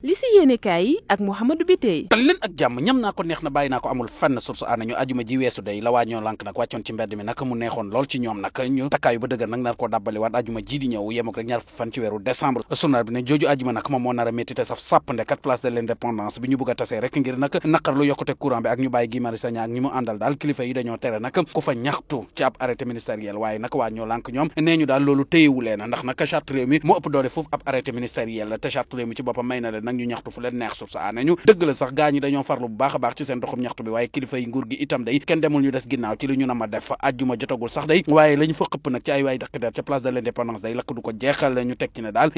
li si yéenekaay ak Mouhamadou Biteye tal leen ak jàmm ñam naa ko neex na bàyyi naa ko amul fenn source ana ñu ajuma ji weesu day la waa ñoo lànk nag wàccoon ci mbedd mi nag mu neexoon lool ci ñoom nag ñu takkaayu ba dëgër nag nar dàbbali waat ajuma ji di ñëw yemook rek ñaar fan ci weeru décembre journal bi ne jooju ajuma nag moo nar a métti te saf sàpp ndekat place de l'indépendance bi ñu bëgg a tasee rek ngir nag naqar lu yokkute courant bi ak ñu na leen nag ñu ñaxtu fu leen neex suuf sa nañu dëgg la sax gaa dañoo farlu bu baax a ci seen doxum ñaxtu bi waaye kilifa yi nguur gi itam day kenn demul ñu des ginnaaw ci li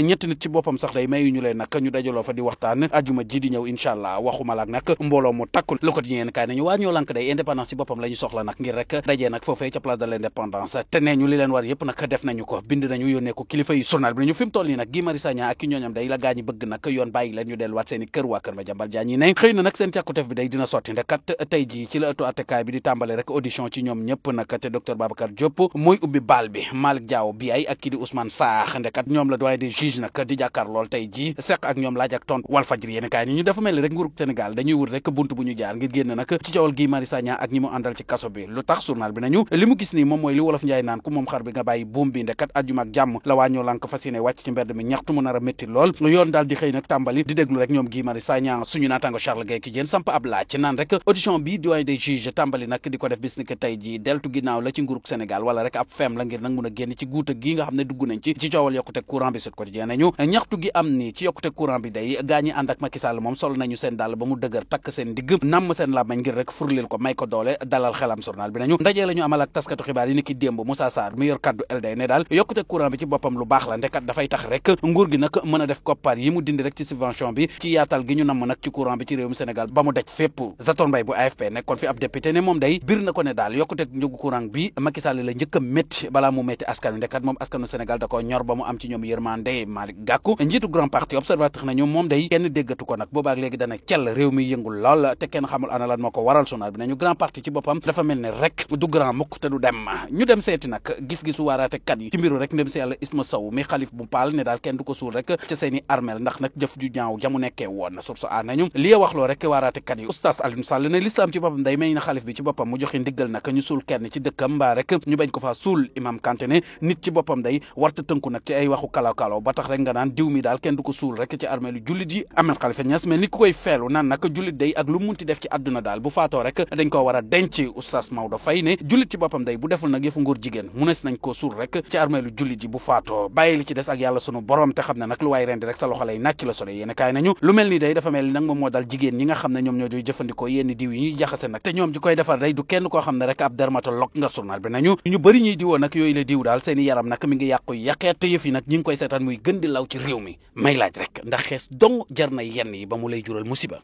ñetti nit ci boppam sax day mayu leen nag ñu dajaloo fa di waxtaan ajjuma ji di ñëw incha waxuma laak nag mbooloo mu takkul lu ko di yéen kaay lank day indépendance ci boppam la soxla nag ngir rek dajee nag foofee ca place de l'indépendance te ñu li leen ñu yi ne xëy na nag seen càkkuteef bi day dina sotti ndekat tey jii ci la ëttu attekaay bi di tàmbale rek audition ci ñoom ñëpp nag te docteur Babacar Diop mooy ubbi baal bi Malick Diaw bi ay ak kii di Ousmane Sarr ndekat ñoom la doyen des juges nag di jàkkaar lool tey jii seq ak ñoom laaj ak tontu Walfadjri yéen kaay ni ñu dafa mel rek nguurug Sénégal dañuy wut rek bunt bu ñu jaar ngir génn nag ci coowal Guy Marius Sagna ak ñi mu àndal ci kaso a di déglu rek ñoom Guy Marius Sagna suñu naataango Charles Gaye ki jéen samp ab laaj rek audition bi doyen des juges tàmbali nag di ko def bis ni que tey ji deltu ginnaaw la ci nguurug Sénégal wala rek ab fem la ngir nag mun a ci guuta gi nga xam ne dugg nañ ci ci coowal yokkute courant bi sut quotidien nañu ñaxtu gi am ni ci yokkute courant bi day gaa ñi ak Macky Sall sol nañu seen dàll ba mu dëgër takk seen digg namm seen làmmañ ngir rek furlil ko may ko doole dalal xelam journal bi nañu ndaje la amal ak taskatu xibaar yi ni ki démb Moussa Sarr mi yor kaddu ne daal yokkute courant bi ci boppam lu baax la ndekat dafay tax rek nguur gi nag mën def koppar yi mu dindi rek ci subvention rénovation ci yaatal gi ñu namm nag ci courant bi ci réewum Sénégal ba mu daj fépp Zator Mbaye bu AFP nekkoon fi ab député ne moom day bir na ko ne daal yokkuteg njëgu courant bi Macky a mu am ci ñoom yërmande Malick Gakou njiitu grand parti observateur nañu moom day kenn déggatu ko nag boobaak léegi dana cel réew mi yëngul lool te kenn xamul ana moo ko waral journal bi nañu grand parti ci boppam dafa mel ne rek du grand mukk te du dem ñu dem seeti nag gis-gisu waaraate ginnaaw jamu nekkee woon na source a nañu li wax loo rek waaraatekat yi oustaz Alioune Sall ne lislaam ci boppam day may xalif bi ci boppam mu joxe ndiggal nag ñu suul kenn ci dëkkam mbaa rek ñu bañ ko faa suul imam Kanté ne nit ci boppam day warta tënku nag ci ay waxu kalaw kalaw ba tax rek nga naan diw mi daal kenn du ko suul rek ci armée lu jullit yi amel xalifa Niass mais ni koy feelu naan nag jullit day ak lu munti def ci àdduna daal bu faatoo rek a yéene kaay nañu lu mel ni day dafa mel ni nag moom moo dal jigéen ñi nga xam ne ñoom ñoo doy jëfandikoo yenn diw yi ñuy jaxase nag te ñoom ji koy defar day du kenn koo xam ne rek ab dermatologue nga journal bi nañu ñu bëri ñuy diwoo nag yooyu la diw daal seen yaram nag mi ngi yàqu yàqeet te yëf yi nag ñi koy seetaan muy gën di law ci réew mi may laaj rek ndax xees dong jar na yenn yi ba mu lay jural musiba